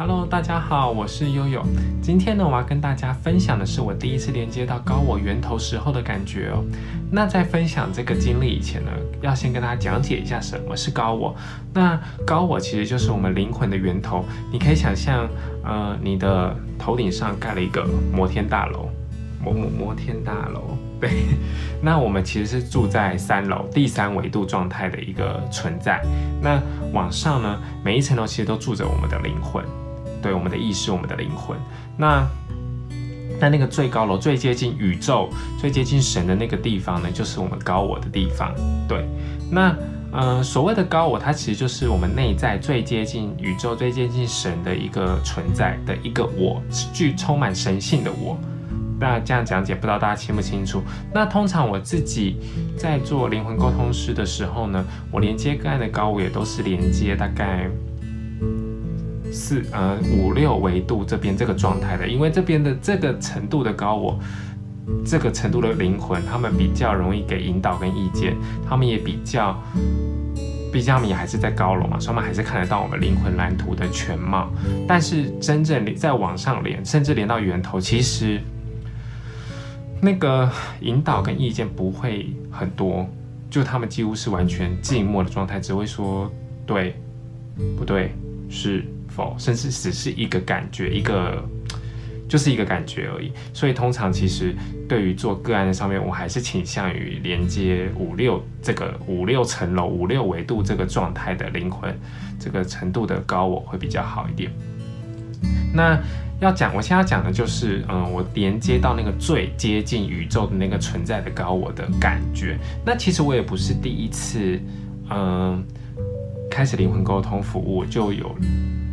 Hello，大家好，我是 YoYo。今天呢，我要跟大家分享的是我第一次連接到高我源頭時候的感覺哦、喔。那在分享這個經歷以前呢，要先跟大家講解一下什麼是高我。那高我其實就是我們靈魂的源頭。你可以想象，呃，你的頭頂上蓋了一個摩天大樓，摩摩天大樓，對。那我們其實是住在三樓第三維度狀態的一個存在。那往上呢，每一層樓其實都住着我們的靈魂。對我們的意識，我們的靈魂，那在那，那個最高樓、最接近宇宙、最接近神的那個地方呢，就是我們高我的地方。對，那嗯、呃，所謂的高我，它其實就是我們內在最接近宇宙、最接近神的一個存在的一個我，具充滿神性的我。那這樣講解，不知道大家清不清楚？那通常我自己在做靈魂溝通師的時候呢，我連接個案的高我，也都是連接大概，四呃、五六維度這邊這個狀態的。因為這邊的這個程度的高我、哦，這個程度的靈魂，他們比較容易給引導跟意見，他們也比較，畢竟他們也還是在高樓嘛，所以他們還是看得到我們靈魂藍圖的全貌，但是真正連在往上連，甚至連到源頭，其實那個引導跟意見不會很多，就他們幾乎是完全靜默的狀態，只會說對，不對是否，甚至只是一個感覺，一個就是一個感覺而已。所以通常其實對於做個案的上面，我還是傾向於連接五六這個五六層樓、五六維度這個狀態的靈魂，這個程度的高我會比較好一點。那要講我現在要講的就是，嗯，我連接到那個最接近宇宙的那個存在的高我的感覺。那其實我也不是第一次，嗯，開始靈魂溝通服務我就有。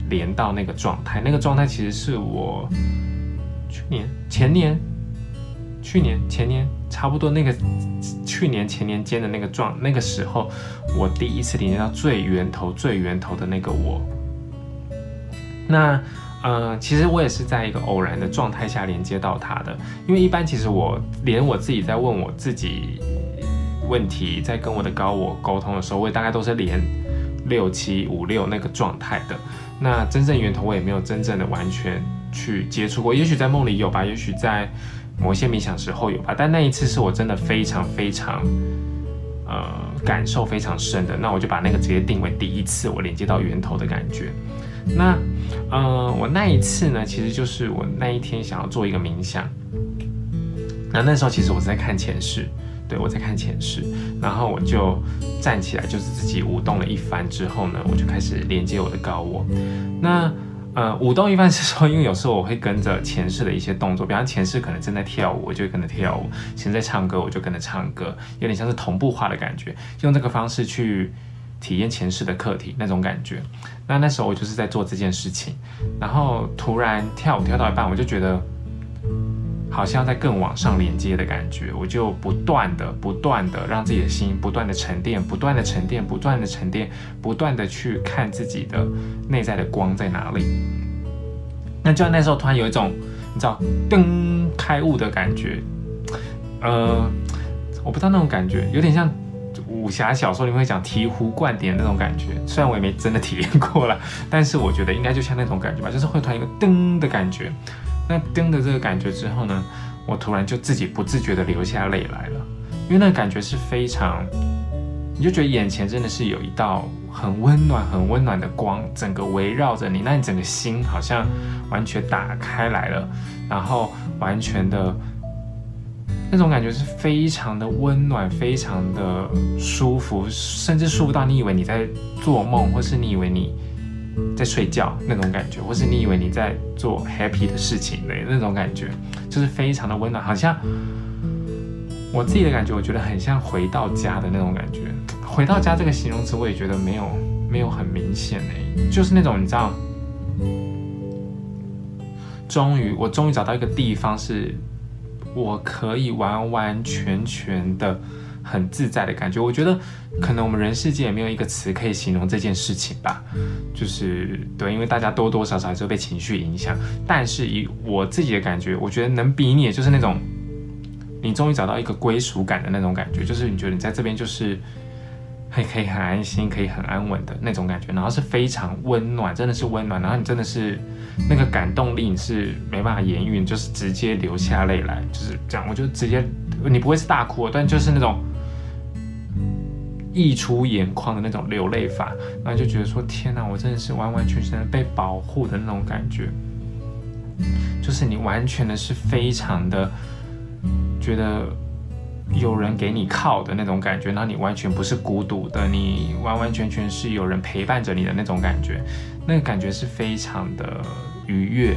連到那個狀態，那個狀態其實是我去年前年，去年前年差不多那個去年前年間的那個狀，那個時候我第一次連接到最源頭，最源頭的那個我。那，嗯、呃，其實我也是在一個偶然的狀態下連接到它的，因為一般其實我連我自己在問我自己問題，在跟我的高我溝通的時候，我也大概都是連。六七五六那個狀態的，那真正源頭我也沒有真正的完全去接觸過，也許在夢裡有吧，也許在某些冥想時候有吧，但那一次是我真的非常非常，呃，感受非常深的，那我就把那個直接定為第一次我連接到源頭的感覺。那，呃，我那一次呢，其實就是我那一天想要做一個冥想，那那時候其實我在看前世。對，我在看前世，然後我就站起來，就是自己舞動了一番之後呢，我就開始連接我的高我。那呃，舞動一番是說，因為有時候我會跟着前世的一些動作，比方前世可能正在跳舞，我就跟着跳舞；現在唱歌，我就跟着唱歌，有點像是同步化的感覺。用這個方式去體驗前世的課題那種感覺。那那時候我就是在做這件事情，然後突然跳舞跳到一半，我就覺得。好像在更往上連接的感覺，我就不斷的、不斷的讓自己的心不斷的沉澱、不斷的沉澱、不斷的沉澱、不斷的去看自己的內在的光在哪裡。那就像那時候突然有一種，你知道，噔，開悟的感覺。呃，我不知道那種感覺，有點像武俠小說裡面會講醍醐灌頂的那種感覺。雖然我也沒真的體驗過了，但是我覺得應該就像那種感覺吧，就是會突然有一個噔的感覺。那盯着這個感覺之後呢，我突然就自己不自覺的流下淚來了，因為那感覺是非常，你就覺得眼前真的是有一道很溫暖、很溫暖的光，整個圍繞着你，那你整個心好像完全打開來了，然後完全的，那種感覺是非常的溫暖、非常的舒服，甚至舒服到你以為你在做夢，或是你以為你。在睡覺那種感覺，或是你以為你在做 happy 的事情的那種感覺，就是非常的溫暖，好像我自己的感覺，我覺得很像回到家的那種感覺。回到家這個形容詞，我也覺得沒有沒有很明顯誒，就是那種你知道，終於我終於找到一個地方，是我可以完完全全的。很自在的感覺，我覺得可能我們人世間也沒有一個詞可以形容這件事情吧，就是對，因為大家多多少少還是會被情緒影響。但是以我自己的感覺，我覺得能比擬的就是那種，你終於找到一個歸屬感的那種感覺，就是你覺得你在這邊就是還可以很安心，可以很安穩的那種感覺，然後是非常溫暖，真的是溫暖。然後你真的是那個感動力你是沒辦法言喻，你就是直接流下淚來，就是這樣。我就直接，你不會是大哭，但就是那種。溢出眼眶的那種流淚法，然後就覺得說：“天哪，我真的是完完全全被保護的那種感覺，就是你完全的是非常的覺得有人給你靠的那種感覺，那你完全不是孤獨的，你完完全全是有人陪伴着你的那種感覺，那個感覺是非常的愉悅。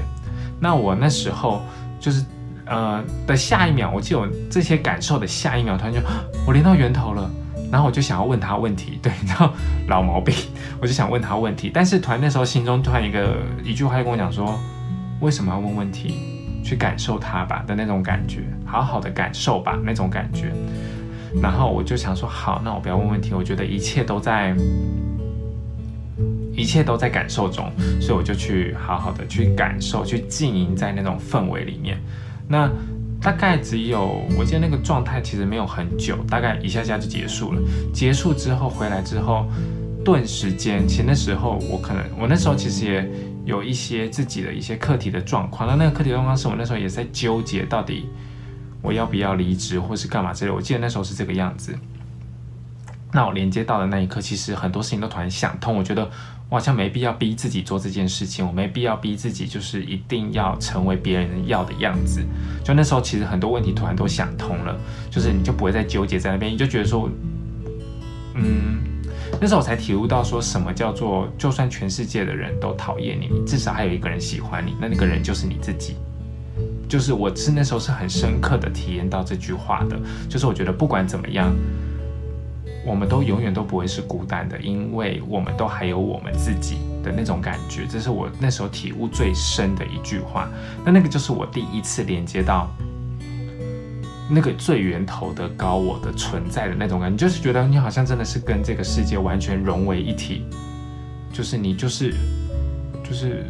那我那時候就是呃的下一秒，我就有這些感受的下一秒，突然就我連到源頭了。”然後我就想要問他問題，對，然後老毛病，我就想問他問題，但是突然那時候心中突然一個一句話就跟我講說，為什麼要問問題？去感受他吧的那種感覺，好好的感受吧那種感覺。然後我就想說，好，那我不要問問題，我覺得一切都在，一切都在感受中，所以我就去好好的去感受，去經營在那種氛圍裡面。那。大概只有，我記得那個狀態，其實沒有很久，大概一下下就結束了。結束之後回來之後，頓時間，其實那時候我可能，我那時候其實也有一些自己的一些課題的狀況。那那個課題的狀況是我那時候也在糾結，到底我要不要離職或是幹嘛之類的。我記得那時候是這個樣子。那我連接到的那一刻，其實很多事情都突然想通。我覺得我好像沒必要逼自己做這件事情，我沒必要逼自己，就是一定要成為別人要的樣子。就那時候，其實很多問題突然都想通了，就是你就不會再糾結在那邊，你就覺得說，嗯，那時候我才體悟到說什麼叫做，就算全世界的人都討厭你，你至少還有一個人喜歡你，那那個人就是你自己。就是我是那時候是很深刻的體驗到這句話的，就是我覺得不管怎麼樣。我們都永遠都不會是孤單的，因為我們都還有我們自己的那種感覺，這是我那時候體悟最深的一句話。那那個就是我第一次連接到那個最源頭的高我的存在的那種感覺，就是覺得你好像真的是跟這個世界完全融為一體，就是你就是就是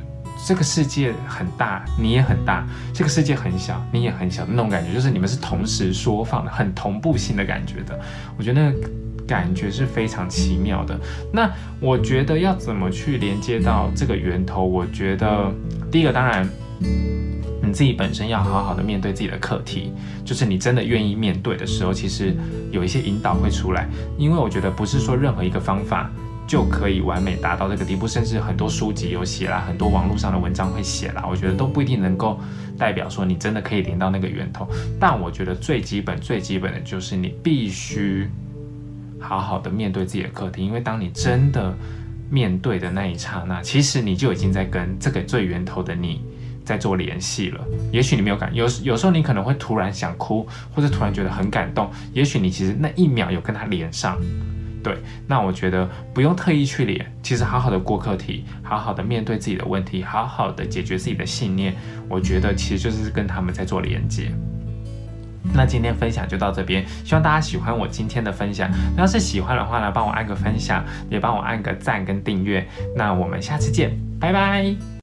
這個世界很大，你也很大；這個世界很小，你也很小的那種感覺，就是你們是同時縮放的，很同步性的感覺的。我覺得。感覺是非常奇妙的。那我覺得要怎麼去連接到這個源頭？我覺得第一個當然，你自己本身要好好的面對自己的課題。就是你真的願意面對的時候，其實有一些引導會出來。因為我覺得不是說任何一個方法就可以完美達到這個地步，甚至很多書籍有寫啦，很多網絡上的文章會寫啦，我覺得都不一定能夠代表說你真的可以連到那個源頭。但我覺得最基本、最基本的就是你必須。好好的面對自己的課題，因為當你真的面對的那一剎那，其實你就已經在跟這個最源頭的你在做聯繫了。也許你沒有感，有有時候你可能會突然想哭，或者突然覺得很感動。也許你其實那一秒有跟他連上，對。那我覺得不用特意去連，其實好好的過課題，好好的面對自己的問題，好好的解決自己的信念，我覺得其實就是跟他們在做連接。那今天分享就到這邊，希望大家喜歡我今天的分享。要是喜歡的話呢，幫我按個分享，也幫我按個讚跟訂閱。那我們下次見，拜拜。